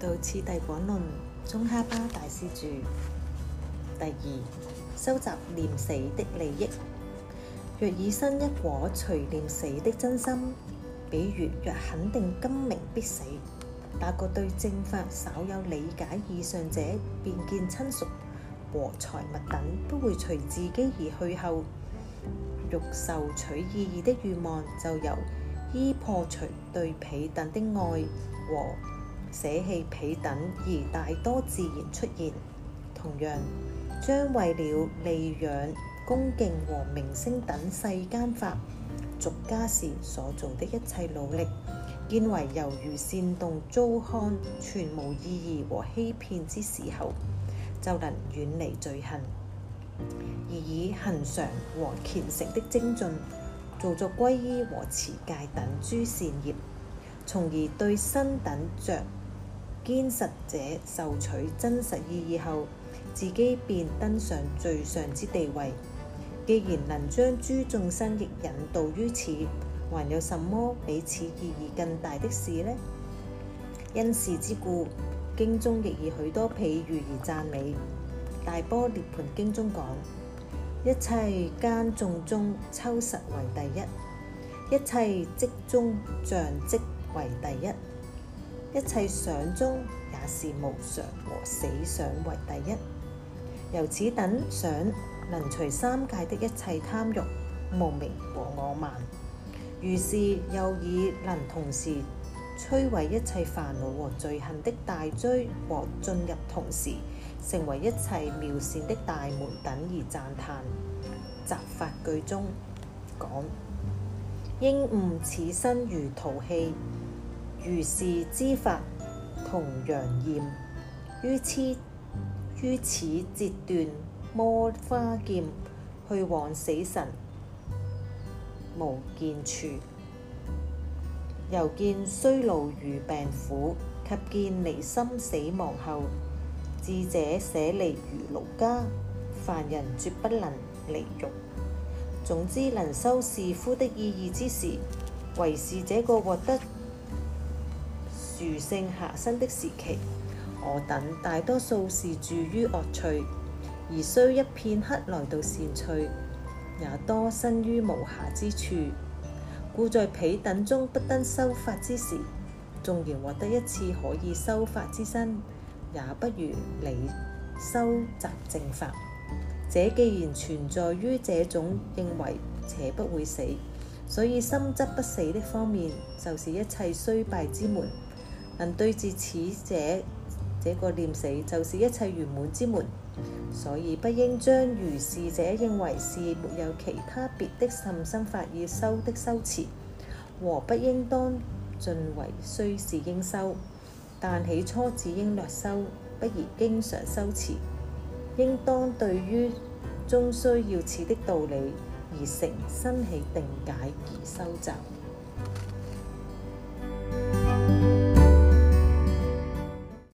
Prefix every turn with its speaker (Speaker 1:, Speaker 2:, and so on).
Speaker 1: 到次第廣論中，哈巴大師著。第二，收集念死的利益。若以身一果，隨念死的真心，比如若肯定今明必死，那個對正法稍有理解以上者，便見親屬和財物等不會隨自己而去後，欲受取意義的願望，就由依破除對彼等的愛和。捨棄彼等而大多自然出現。同樣，將為了利養、恭敬和名聲等世間法，俗家時所做的一切努力，見為猶如煽動糟糠，全無意義和欺騙之時候，就能遠離罪行。而以恆常和虔誠的精進，做作皈依和持戒等諸善業，從而對身等着。堅實者受取真實意義後，自己便登上最上之地位。既然能將諸眾生亦引導於此，還有什麼比此意義更大的事呢？因事之故，經中亦以許多譬喻而讚美。大般涅槃經中講：一切間眾中抽實為第一，一切跡中象跡為第一。一切想中也是無常和死想為第一，由此等想能除三界的一切貪欲、無明和我慢，如是又以能同時摧毀一切煩惱和罪恨的大追和進入同時，成為一切妙善的大門等而讚歎。集法句中講應悟此身如陶器。如是之法，同樣厭於此於此截斷魔花劍，去往死神無見處。又見衰老如病苦，及見離心死亡後，智者捨離如奴家，凡人絕不能離欲。總之，能修是夫的意義之時，為是這個獲得。住性下生的時期，我等大多數是住於惡趣，而須一片刻來到善趣，也多身於無暇之處。故在彼等中不得修法之時，縱然獲得一次可以修法之身，也不如你修集正法。這既然存在於這種認為且不會死，所以心則不死的方面，就是一切衰敗之門。能對治此者，這個念死就是一切圓滿之門，所以不應將如是者認為是沒有其他別的甚深法意修的修持，和不應當盡為須是應修，但起初只應略修，不宜經常修持。應當對於終須要此的道理而成生起定解而修習。